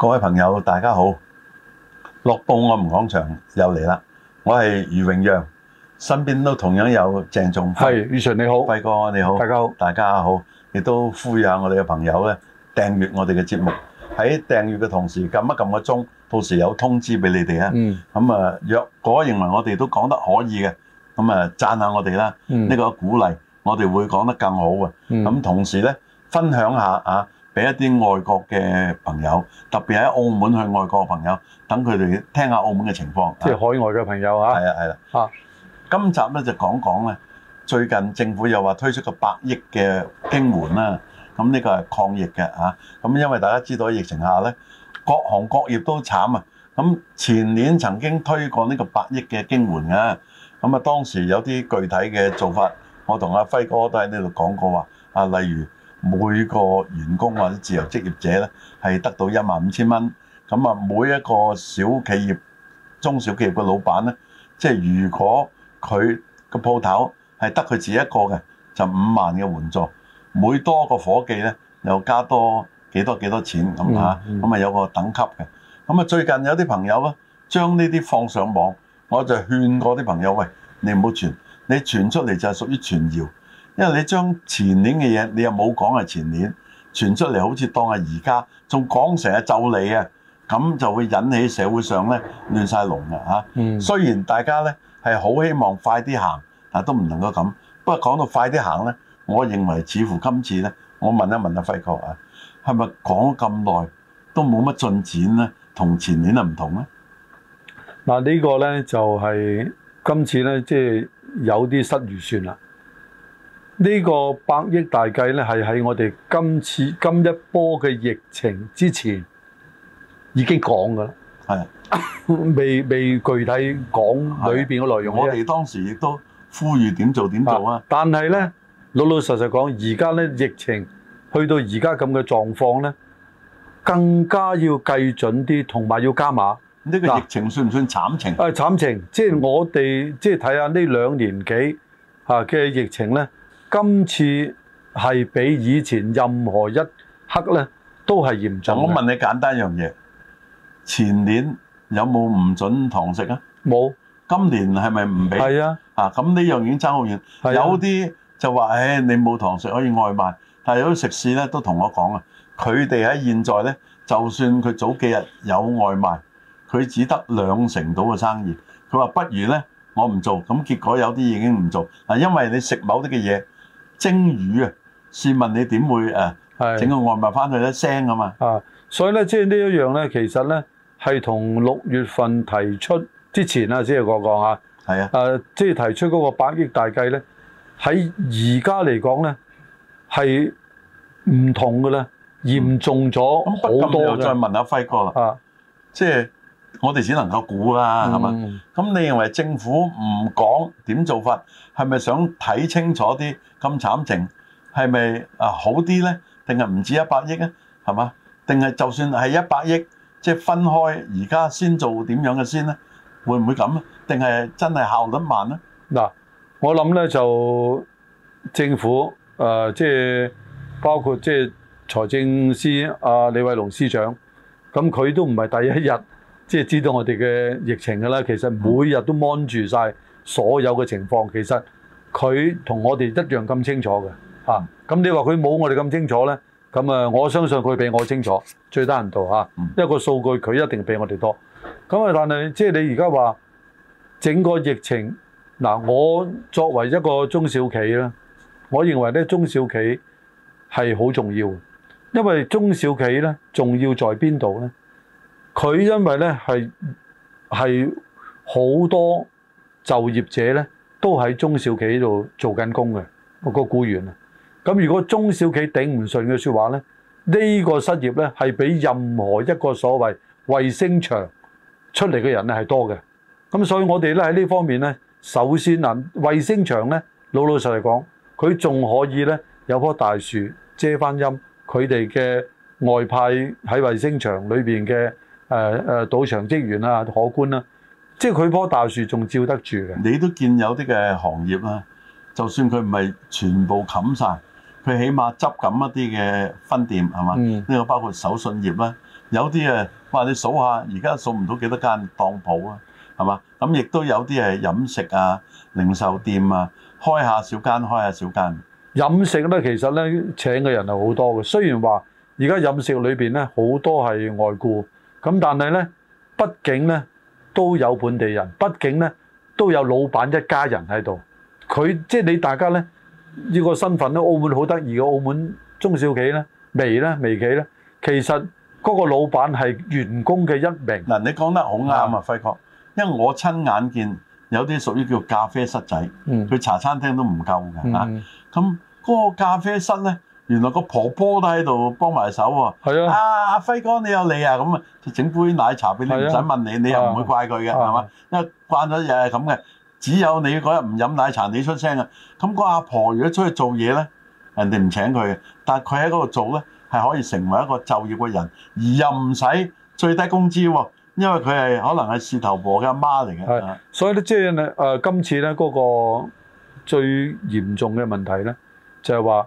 各位朋友，大家好！樂報我們講場又嚟啦，我係余榮讓，身邊都同樣有鄭仲輝，余 Sir 你好，輝哥你好，大家好，大家好，亦都呼籲下我哋嘅朋友呢，訂閱我哋嘅節目。喺訂閱嘅同時，撳一撳個鐘，到時有通知俾你哋啊。嗯。咁啊，若果認為我哋都講得可以嘅，咁啊讚下我哋啦，呢個鼓勵我哋會講得更好嘅。嗯。咁同時呢，分享下啊。俾一啲外國嘅朋友，特別喺澳門去外國嘅朋友，等佢哋聽下澳門嘅情況。即係海外嘅朋友啊，係啊係啦。啊，今集咧就講講咧，最近政府又話推出個百億嘅經援啦。咁呢個係抗疫嘅嚇。咁因為大家知道喺疫情下咧，各行各業都慘啊。咁前年曾經推過呢個百億嘅經援嘅。咁啊當時有啲具體嘅做法，我同阿輝哥都喺呢度講過話啊，例如，每個員工或者自由職業者咧，係得到一萬五千蚊。咁啊，每一個小企業、中小企業嘅老闆咧，即係如果佢個鋪頭係得佢自己一個嘅，就五萬嘅援助。每多個伙計咧，又加多幾多幾多錢咁啊。咁啊、嗯，嗯、有個等級嘅。咁啊，最近有啲朋友咧，將呢啲放上網，我就勸過啲朋友，喂，你唔好傳，你傳出嚟就係屬於傳謠。因為你將前年嘅嘢，你又冇講係前年傳出嚟，好似當係而家，仲講成日就你啊，咁就會引起社會上咧亂晒龍㗎嚇。啊嗯、雖然大家咧係好希望快啲行，但都唔能夠咁。不過講到快啲行咧，我認為似乎今次咧，我問一問阿、啊、輝哥啊，係咪講咗咁耐都冇乜進展咧？同前年啊唔同咧。嗱呢個咧就係、是、今次咧，即、就、係、是、有啲失預算啦。呢個百億大計呢，係喺我哋今次今一波嘅疫情之前已經講㗎喇，係未未具體講裏邊嘅內容。我哋當時亦都呼籲點做點做啊！但係呢，老老實實講，而家呢疫情去到而家咁嘅狀況呢，更加要計準啲，同埋要加碼。呢個疫情算唔算慘情？誒、啊啊、慘情，即係我哋即係睇下呢兩年幾嚇嘅疫情呢。今次係比以前任何一刻咧，都係嚴重嘅。我問你簡單一樣嘢，前年有冇唔準堂食啊？冇。今年係咪唔俾？係啊。啊，咁呢樣已經爭好遠。有啲就話，唉，你冇堂食可以外賣，但係有啲食肆咧都同我講啊，佢哋喺現在咧，就算佢早幾日有外賣，佢只得兩成到嘅生意。佢話不如咧，我唔做。咁結果有啲已經唔做，嗱，因為你食某啲嘅嘢。蒸魚啊！試問你點會誒整個外賣翻去得腥啊嘛？啊！的所以咧，即係呢一樣咧，其實咧係同六月份提出之前是，那個，是的啊，即係講講啊！即係提出嗰個百億大計咧，喺而家嚟講咧係唔同嘅啦，嚴重咗好多。咁不禁又再問阿輝哥啦。啊的！即，就是我哋只能夠估啦，係嘛？咁、嗯、你認為政府唔講點做法，係咪想睇清楚啲咁慘情，係咪啊好啲呢？定係唔止一百億呢？係嘛？定係就算係一百億，即、就、係、是、分開而家先做點樣嘅先呢？會唔會咁？定係真係效率慢呢？嗱，我諗呢就政府即係、呃就是、包括即係、就是、財政司阿、呃、李慧龍司長，咁佢都唔係第一日。即係知道我哋嘅疫情㗎啦，其實每日都 mon 住晒所有嘅情況。其實佢同我哋一樣咁清楚嘅，咁、吓、你話佢冇我哋咁清楚咧？咁我相信佢比我清楚，最得人道吓，因為個數據佢一定比我哋多。咁啊，但係即係你而家話整個疫情嗱、啊，我作為一個中小企咧，我認為咧中小企係好重要，因為中小企咧重要在邊度咧？佢因為咧係係好多就業者咧都喺中小企度做緊工嘅個僱員啊！咁如果中小企頂唔順嘅說話咧，呢個失業咧係比任何一個所謂衛星場出嚟嘅人咧係多嘅。咁所以我哋咧喺呢方面咧，首先嗱，衛星場咧老老實實講，佢仲可以咧有棵大樹遮返陰，佢哋嘅外派喺衛星場裏邊嘅。誒誒、呃，賭場職員啊，可觀啦、啊，即係佢棵大樹仲照得住嘅。你都見有啲嘅行業啊，就算佢唔係全部冚晒，佢起碼執緊一啲嘅分店係嘛？呢個包括手信業啦，有啲啊，哇！你數下而家數唔到幾多間當鋪啊，係嘛？咁亦都有啲係飲食啊、零售店啊，開下小間，開下小間。飲食咧，其實咧請嘅人係好多嘅，雖然話而家飲食裏邊咧好多係外雇。咁但係咧，畢竟咧都有本地人，畢竟咧都有老闆一家人喺度。佢即係你大家咧呢、呢個身份咧，澳門好得意嘅澳門中小企咧，微咧微企咧，其實嗰個老闆係員工嘅一名。嗱，你講得好啱啊，輝的哥，因為我親眼見有啲屬於叫咖啡室仔，佢、嗯、茶餐廳都唔夠㗎嚇。咁嗰、嗯、個咖啡室咧，原來個婆婆都喺度幫埋手喎，係啊！啊，啊，輝哥你有你啊，咁啊，就整杯奶茶俾你，唔使、啊、問你，你又唔會怪佢嘅，係嘛、啊？因為慣咗嘢係咁嘅，只有你嗰日唔飲奶茶，你出聲啊！咁個阿婆如果出去做嘢咧，人哋唔請佢，嘅，但係佢喺嗰度做咧，係可以成為一個就業嘅人，而又唔使最低工資喎、啊，因為佢係可能係事頭婆嘅阿媽嚟嘅。係、啊，啊、所以咧即係咧，誒、呃、今次咧嗰、那個最嚴重嘅問題咧，就係話。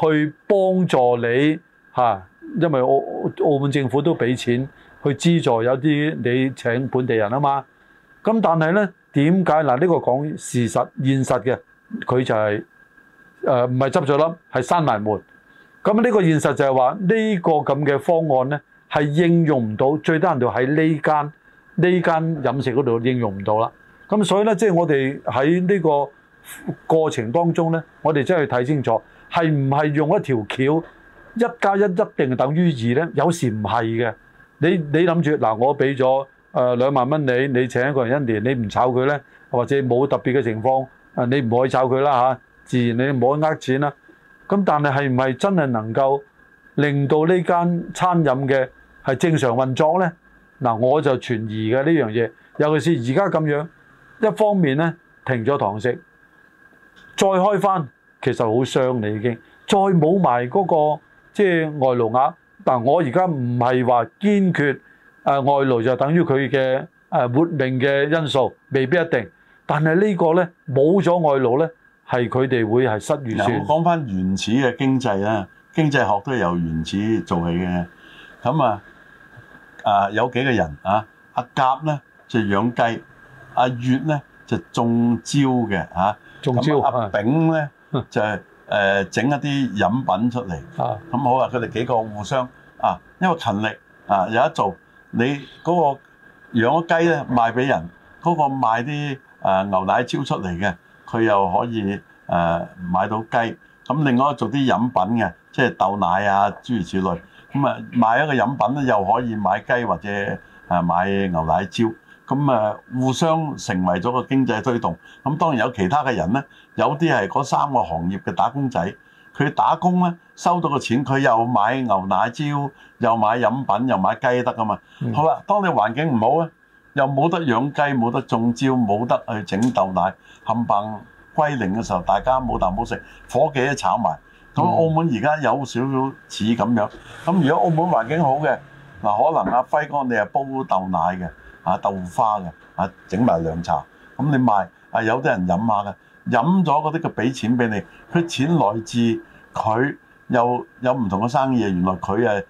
去幫助你嚇、啊，因為澳澳門政府都俾錢去資助有啲你請本地人啊嘛。咁但係咧，點解嗱？呢、呢個講事實現實嘅，佢就係誒唔係執咗笠，係閂埋門。咁呢個現實就係話呢個咁嘅方案咧，係應用唔到，最低限度喺呢間呢間飲食嗰度應用唔到啦。咁所以咧，即、就、係、是、我哋喺呢個過程當中咧，我哋真係睇清楚。係唔係用一條橋一加一一定等於二呢？有時唔係嘅。你你諗住嗱，我俾咗誒兩萬蚊你，你請一個人一年，你唔炒佢呢？或者冇特別嘅情況，誒你唔可以炒佢啦嚇，自然你唔可以呃錢啦。咁但係係唔係真係能夠令到呢間餐飲嘅係正常運作呢？嗱，我就存疑嘅呢樣嘢。尤其是而家咁樣，一方面呢，停咗堂食，再開翻。其實好傷你已經，再冇埋嗰個即係外勞額。嗱，我而家唔係話堅決誒外勞就等於佢嘅誒活命嘅因素，未必一定。但係呢個咧冇咗外勞咧，係佢哋會係失業。講返原始嘅經濟啦，經濟學都係由原始做起嘅。咁啊啊有幾個人啊？阿甲咧就養雞，阿乙咧就種蕉嘅嚇，種蕉啊，阿丙咧，就係、是、整、呃、一啲飲品出嚟，咁、啊、好啊！佢哋幾個互相啊，因為勤力啊，有得做。你嗰個養咗雞咧賣俾人，嗰、那個賣啲、呃、牛奶蕉出嚟嘅，佢又可以誒、呃、買到雞。咁另外做啲飲品嘅，即係豆奶啊、諸如此類咁啊，賣、嗯嗯、一個飲品咧又可以買雞或者誒買牛奶蕉。咁誒互相成為咗個經濟推動，咁當然有其他嘅人呢，有啲係嗰三個行業嘅打工仔，佢打工呢，收到個錢，佢又買牛奶蕉，又買飲品，又買雞得噶嘛。嗯、好啦，當你環境唔好咧，又冇得養雞，冇得種蕉，冇得去整豆奶，冚棒歸零嘅時候，大家冇啖好食，伙計都炒埋。咁澳門而家有少少似咁樣，咁如果澳門環境好嘅嗱，可能阿輝哥你係煲豆奶嘅。啊豆花嘅，啊整埋涼茶，咁你賣，啊有啲人飲下嘅，飲咗嗰啲佢俾錢俾你，佢錢來自佢又有唔同嘅生意，原來佢係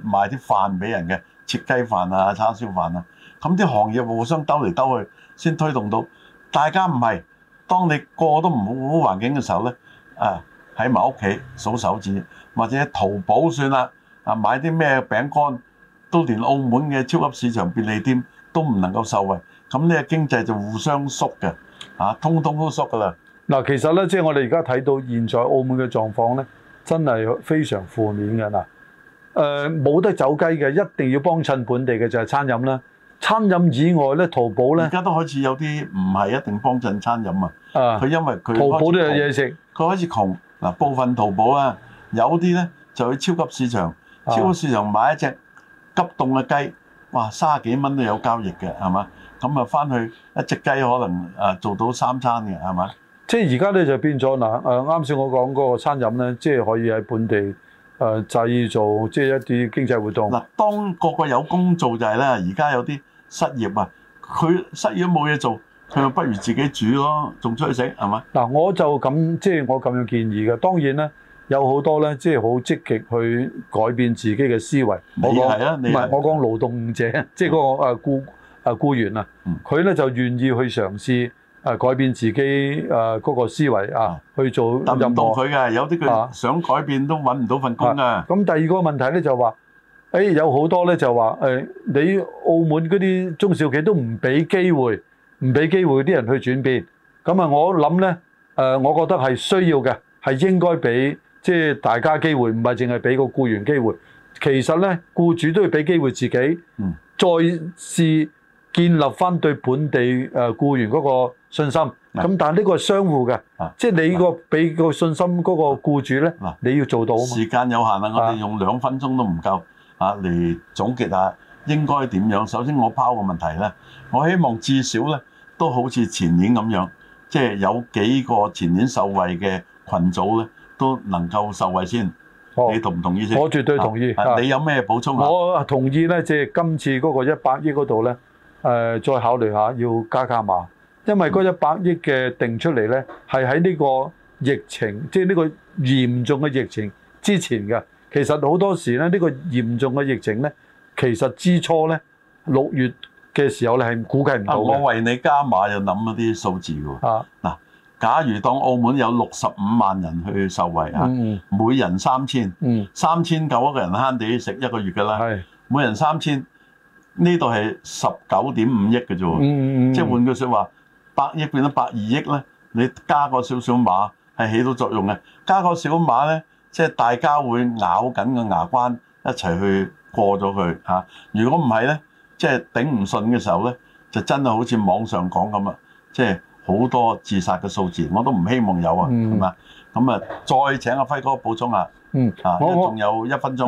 賣啲飯俾人嘅，切雞飯啊叉燒飯啊，咁啲行業互相兜嚟兜去先推動到，大家唔係當你個個都唔好環境嘅時候咧，啊喺埋屋企數手指，或者淘寶算啦，啊買啲咩餅乾，都連澳門嘅超級市場便利店，都唔能夠受惠，咁呢個經濟就互相縮嘅，啊，通通都縮噶啦。嗱，其實咧，即係我哋而家睇到現在澳門嘅狀況咧，真係非常負面噶啦。誒、呃，冇得走雞嘅，一定要幫襯本地嘅就係、是、餐飲啦。餐飲以外咧，淘寶咧，而家都開始有啲唔係一定幫襯餐飲啊。啊，佢因為佢淘寶都有嘢食，佢開始窮。嗱、啊啊，部分淘寶啊，有啲咧就去超級市場，啊、超級市場買一隻急凍嘅雞。哇，三十幾蚊都有交易嘅，係嘛？咁啊，翻去一隻雞可能做到三餐嘅，係嘛？即係而家咧就變咗嗱，誒啱先我講嗰個餐飲咧，即係可以喺本地誒製造，即係一啲經濟活動。嗱，當個個有工做就係呢。而家有啲失業啊，佢失業冇嘢做，佢又不如自己煮咯，仲出去食係咪？嗱，我就咁即係我咁樣建議嘅，當然啦。有好多咧，即係好積極去改變自己嘅思維。唔係係係我講勞動者，即係嗰個誒僱誒、嗯、僱員啊，佢咧、嗯、就願意去嘗試誒改變自己誒嗰個思維啊，去做任。到佢嘅有啲佢想改變都揾唔到份工啊。咁第二個問題咧就話、哎，有好多咧就話、哎、你澳門嗰啲中小企都唔俾機會，唔俾機會啲人去轉變。咁啊，我諗咧誒，我覺得係需要嘅，係應該俾。即係大家機會，唔係淨係俾個僱員機會，其實咧僱主都要俾機會自己，再次建立翻對本地誒僱員嗰個信心。咁但係呢個係相互嘅，即係你個俾個信心嗰個僱主咧，嗯、你要做到。時間有限啊，我哋用兩分鐘都唔夠啊，嚟、啊、總結下應該點樣。首先我拋個問題咧，我希望至少咧都好似前年咁樣，即係有幾個前年受惠嘅群組咧。都能夠受惠先，哦、你同唔同意先？我絕對同意。好啊、你有咩補充？我同意呢，即、就、係、是、今次嗰個一百億嗰度呢，誒、呃、再考慮下要加加碼，因為嗰一百億嘅定出嚟呢，係喺呢個疫情，嗯、即係呢個嚴重嘅疫情之前㗎。其實好多時呢，呢、個嚴重嘅疫情呢，其實之初呢，六月嘅時候呢，係估計唔到、啊、我為你加碼又諗一啲數字喎。啊，嗱、啊。假如當澳門有六十五萬人去受惠嚇，mm hmm. 每人三千，三千九一個人慳地食一個月㗎啦。Mm hmm. 每人三千，呢度係十九點五億嘅啫，mm hmm. 即係換句說話，百億變咗百二億咧，你加個少少碼係起到作用嘅，加個少碼咧，即係大家會咬緊個牙關一齊去過咗佢嚇。如果唔係咧，即係頂唔順嘅時候咧，就真係好似網上講咁啊，即係。好多自殺嘅數字，我都唔希望有啊，係嘛？咁啊，再請阿輝哥補充下。嗯，啊，仲有一分鐘。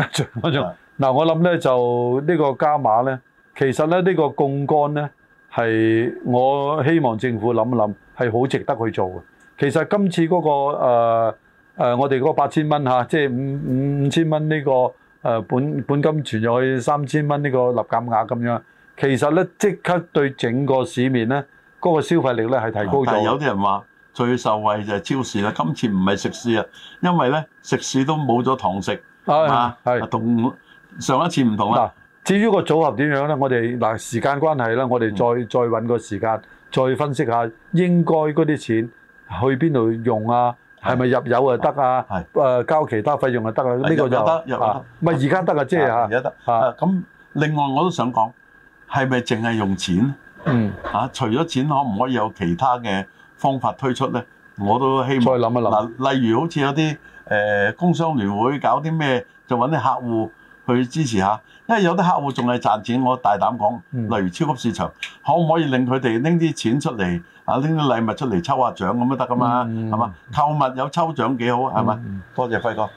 嗱，我諗咧就呢個加碼咧，其實咧呢個槓桿咧係我希望政府諗一諗，係好值得去做嘅。其實今次嗰個誒誒，我哋嗰個八千蚊嚇，即係五五五千蚊呢個誒本本金存入去三千蚊呢個立減額咁樣，其實咧即刻對整個市面咧。嗰個消費力咧係提高咗，但係有啲人話最受惠就係超市啦。今次唔係食肆啊，因為咧食肆都冇咗堂食啊，係同上一次唔同啊。至於個組合點樣咧，我哋嗱時間關係啦，我哋再再搵個時間再分析下，應該嗰啲錢去邊度用啊？係咪入油啊得啊？誒交其他費用啊得啊？呢個就得入啊？唔係而家得啊，即係嚇而家得啊。咁另外我都想講，係咪淨係用錢？嗯，嚇、啊，除咗錢，可唔可以有其他嘅方法推出咧？我都希望再諗一諗嗱、啊，例如好似有啲誒、呃、工商聯會搞啲咩，就搵啲客戶去支持下，因為有啲客戶仲係賺錢，我大膽講，嗯、例如超級市場，可唔可以令佢哋拎啲錢出嚟，啊拎啲禮物出嚟抽下獎咁都得噶嘛，係嘛、嗯？購物有抽獎幾好，係嘛？多謝輝哥。